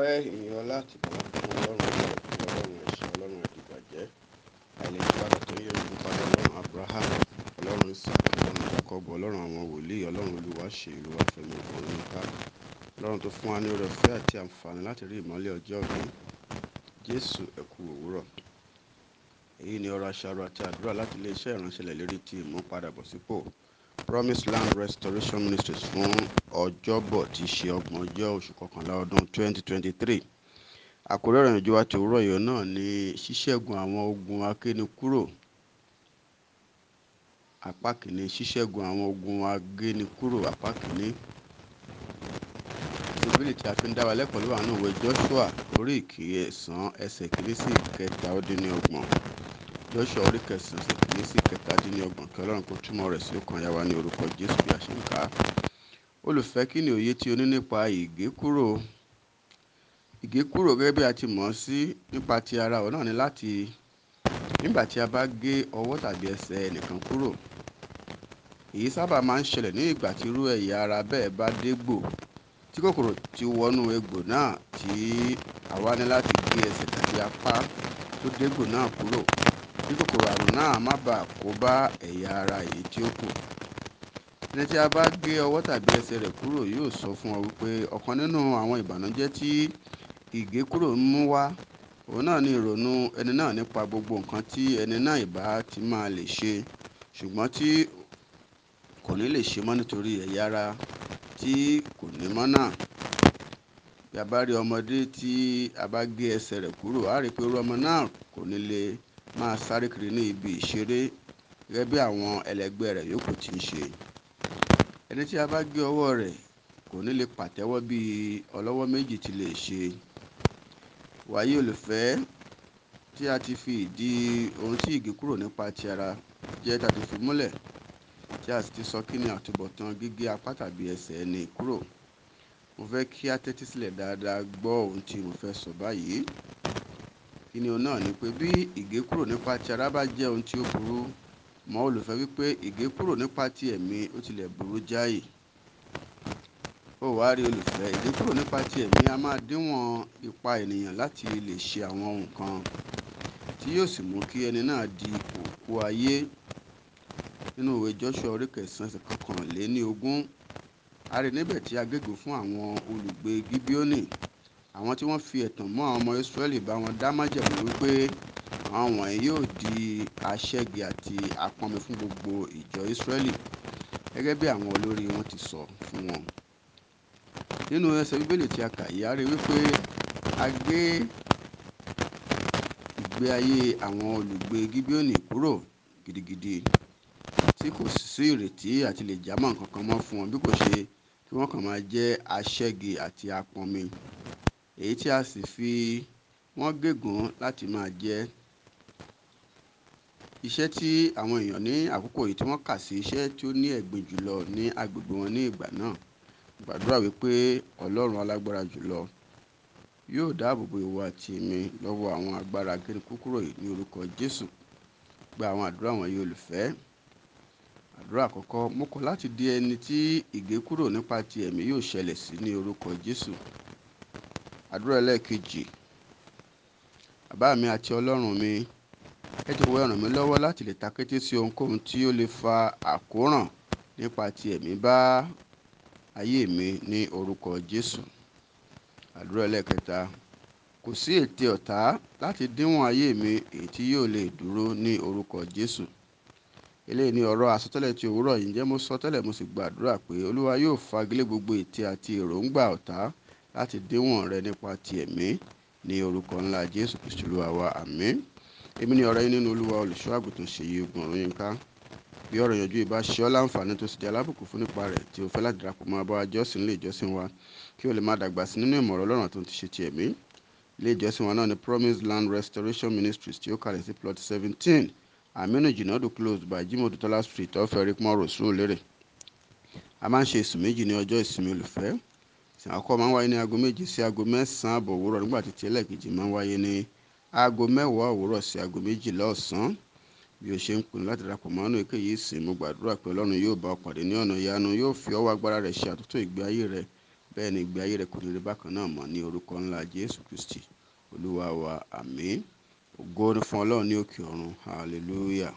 ọpẹ́ ìyìn láti kọ́ fún ọlọ́run rẹ̀ ọlọ́run ẹ̀ṣọ́ ọlọ́run ìdìbàjẹ́ àìlèjọba tó yẹ kó padà ọlọ́run abraham ọlọ́run isaac ọlọ́run jacob ọlọ́run àwọn wòlíì ọlọ́run olúwa ṣe olúwa fẹmi ọkùnrin ká ọlọ́run tó fún wa ní oore ọ̀fẹ́ àti àǹfààní láti rí ìmọ́lẹ̀ ọjọ́ òní jésù ẹ̀kú òwúrọ̀ èyí ni ọ̀rọ̀ àṣàrò àti àdúrà láti iléeṣẹ́ ìránṣẹ́lẹ̀ lérí ti ìmúpadàbọ̀sípò promise land restoration ministries fún ọjọ́bọ̀ tí í ṣe ọgbọ̀njọ́ oṣù kọkànlá ọdún 2023 àkórí ọ̀rọ̀ ìrìnàjò àti òwúrọ̀ yìí náà ni ṣíṣẹ́gun àwọn ogun akéni kúrò apá kìíní ṣíṣẹ́gun àwọn ogun agéni kúrò apá kìíní bíbélì tí a fi ń dá wa lẹ́kọ̀ọ́ ló wà nínú joshua orí ìkíyèsán ẹsẹ̀ kìíní sí ìkẹta ó ní ọgbọ̀n Joshua orí kẹsàn-án ẹsẹ̀ kìíní sí kẹtàdínlọ́gbọ̀n kí ọlọ́run kó túmọ̀ rẹ̀ sí ọkàn yà wá ní orúkọ Jésù bí a ṣe ń kà á. Olùfẹ́ kí ni òye tí o ní nípa ìgékúrò? Ìgékúrò gẹ́gẹ́ bí a ti mọ̀ ọ́ sí nípa ti ara ọ̀ náà ni láti nígbà tí a bá gé ọwọ́ tàbí ẹsẹ̀ ẹnìkan kúrò. Èyí sábà máa ń ṣẹlẹ̀ ní ìgbà tí irú ẹ̀yà ara bẹ́ẹ̀ bá dégbò tí kòkòrò ti wọnú egbò náà tí àwa ní láti gé ẹsẹ̀ tàbí apá tó dégbò náà kúrò kí kòkòrò àrùn náà má bàa kó bá ẹ̀yà ara èyí tí ó kù. ẹni tí a bá gé ọwọ́ tàbí ẹsẹ̀ rẹ̀ kúrò yóò sọ fún ọ wípé ọ̀kan nínú àwọn ìbànújẹ́ tí ìgékúrò ń mú wá òun náà ni ìrònú ẹni náà nípa gbogbo nǹkan tí ẹni náà ìbá ti máa lè ṣe ṣùgbọ́n tí kò ní lè ṣe mọ́ nítorí ẹ̀yà ara tí kò ní mọ́ náà bí a bá rí ọmọdé tí a bá gé ẹsẹ̀ rẹ̀ kúrò á rí i pé irú ọmọ náà kò ní lè máa sáré kiri ní ibi ìṣeré gẹ́gẹ́ bí àwọn ẹlẹgbẹ́ rẹ̀ yòókù ti ń ṣe. Ẹni tí a bá gé ọwọ́ rẹ̀ kò ní lè pàtẹ́wọ́ bí ọlọ́wọ́ méjì ti lè ṣe. Wàyí olùfẹ́ tí a ti fi ìdí ohun tí igi kúrò nípa ti ara jẹ́ ta ti fi múlẹ̀ tí a sì ti sọ kíni àtúbọ̀tán gígé apá tàbí ẹsẹ̀ ẹni kúrò. Mo fẹ́ kí a tẹ́tí sílẹ̀ dáadáa gbọ́ ohun tí mo fẹ́ sọ báyìí. Kíni òun náà ni pé bí ìgékúrò nípa ti ara bá jẹ́ ohun tí ó burú, mọ́ olùfẹ́ wípé ìgékúrò nípa ti ẹ̀mí ó tilẹ̀ burú jáì. Ó wá rí olùfẹ́, ìgékúrò nípa ti ẹ̀mí a máa díwọ̀n ipa ènìyàn láti lè ṣe àwọn ohun kan tí yóò sì mú kí ẹni náà di òkú ayé. Nínú ìwé Joshua orí kẹsàn kọkànléní ogún, a rí níbẹ̀ tí a gégùn fún àwọn olùgbé Gibeoni àwọn tí wọ́n fi ẹ̀tàn mọ́ àwọn ọmọ Ísírẹ́lì bá wọn dá májẹ̀mú wípé àwọn wọ̀nyí yóò di aṣẹ́gi àti apọnmi fún gbogbo ìjọ Ísírẹ́lì gẹ́gẹ́ bí àwọn olórí wọn ti sọ fún wọn. nínú ẹsẹ̀ bíbélì tí a kà yìí a rí wípé a gbé ìgbé ayé àwọn olùgbé Gíbíónì kúrò gidigidi tí kò sí ìrètí àti lè jámọ́ nǹkan kan mọ́ fún wọn bí kò ṣe kí wọ́n kàn máa jẹ́ aṣẹ́gi àti apọnmi èyí tí a sì fi wọ́n gégùn láti máa jẹ. Iṣẹ́ tí àwọn èèyàn ní àkókò yìí tí wọ́n kà sí iṣẹ́ tí ó ní ẹ̀gbin jùlọ ní agbègbè wọn ní ìgbà náà. Gbàdúrà wípé Ọlọ́run alágbára jùlọ yóò dáàbò bo ìwọ àti èmi lọ́wọ́ àwọn agbára gínikúkúrò yìí ní orúkọ Jésù. Gba àwọn àdúrà wọ̀nyí olùfẹ́. Àdúrà àkọ́kọ́, mo kọ̀ láti di ẹni tí ìgékúrò nípa ti ẹ̀mí yóò ṣẹlẹ̀ sí ní orúkọ Jésù àdúrà ẹlẹ́ẹ̀kejì bàbá mi àti ọlọ́run mi ẹ jọ̀wọ́ ẹ ràn mí lọ́wọ́ láti lè takété sí ohunkóhun tí ó lè fa àkóràn nípa ti ẹ̀mí bá ayé mi ní orúkọ jésù àdúrà ẹlẹ́ẹ̀kẹta kò sí ète ọ̀tá láti díwọ̀n ayé mi èyí tí yóò lè dúró ní orúkọ jésù eléyìí ni ọ̀rọ̀ àsọtẹ́lẹ̀ ti òwúrọ̀ yìí jẹ́ mo sọ tẹ́lẹ̀ mo sì gbàdúrà pé olúwa yóò fagilé gbogbo ète àti èròǹgbà ọ̀tá láti déwọ̀n rẹ nípa ti ẹ̀mí ní orúkọ ńlá Jésù Kristu Olúwa wa àmín. Èmi ni ọ̀rẹ́ yín nínú Olúwa olùṣọ́ àgùntàn Ṣèyí Ogun ọ̀run yín ká bí ọ̀rọ̀ ìyànjú ìbá ṣe ọ́ láǹfààní tó sì jẹ́ alábùkún fún nípa rẹ̀ tí o fẹ́ láti darapọ̀ mọ́ abọ́ ajọ́sìn ilé ìjọsìn wa kí o lè máa dàgbà sí nínú ìmọ̀ràn ọlọ́run tó ń ti ṣe ti ẹ̀mí ilé ìjọsìn wa náà ni Promise Land Restoration Ministries tí ó kalẹ̀ sí plot seventeen aminu jinadu close by jimoh dutola street ọ̀fẹ́ rikmọ́ rosu olérè a máa ń ṣe ìsìn méjì ní ọjọ́ ìsinmi olùfẹ́ ìsìn àkọ́kọ́ máa ń wáyé ní aago méje sí aago mẹ́sàn-án àbọ̀ òwúrọ̀ nígbà tí ti ẹlẹ́ẹ̀kejì máa ń wáyé ní aago mẹ́wàá òwúrọ̀ sí aago méjìlá ọ̀sán bí o ṣe ń pinnu láti darapọ̀ mọ́nú èkéyìí ìsìn mo gbàdúrà pé ọlọ́run yóò bá ọ pàdé ní ọ̀nà ìyanu yóò fi ọwọ́ agbára rẹ̀ ṣe àtúntò ìgbé ayé rẹ̀ bẹ́ẹ̀ ni ìgbé ayé rẹ̀ kò ní rí bákan náà mọ́ ní orúkọ ńlá jésù kristi olúwa wa àmín ògo ni fún ọlọ́run ní òkè ọ̀run hallelujah.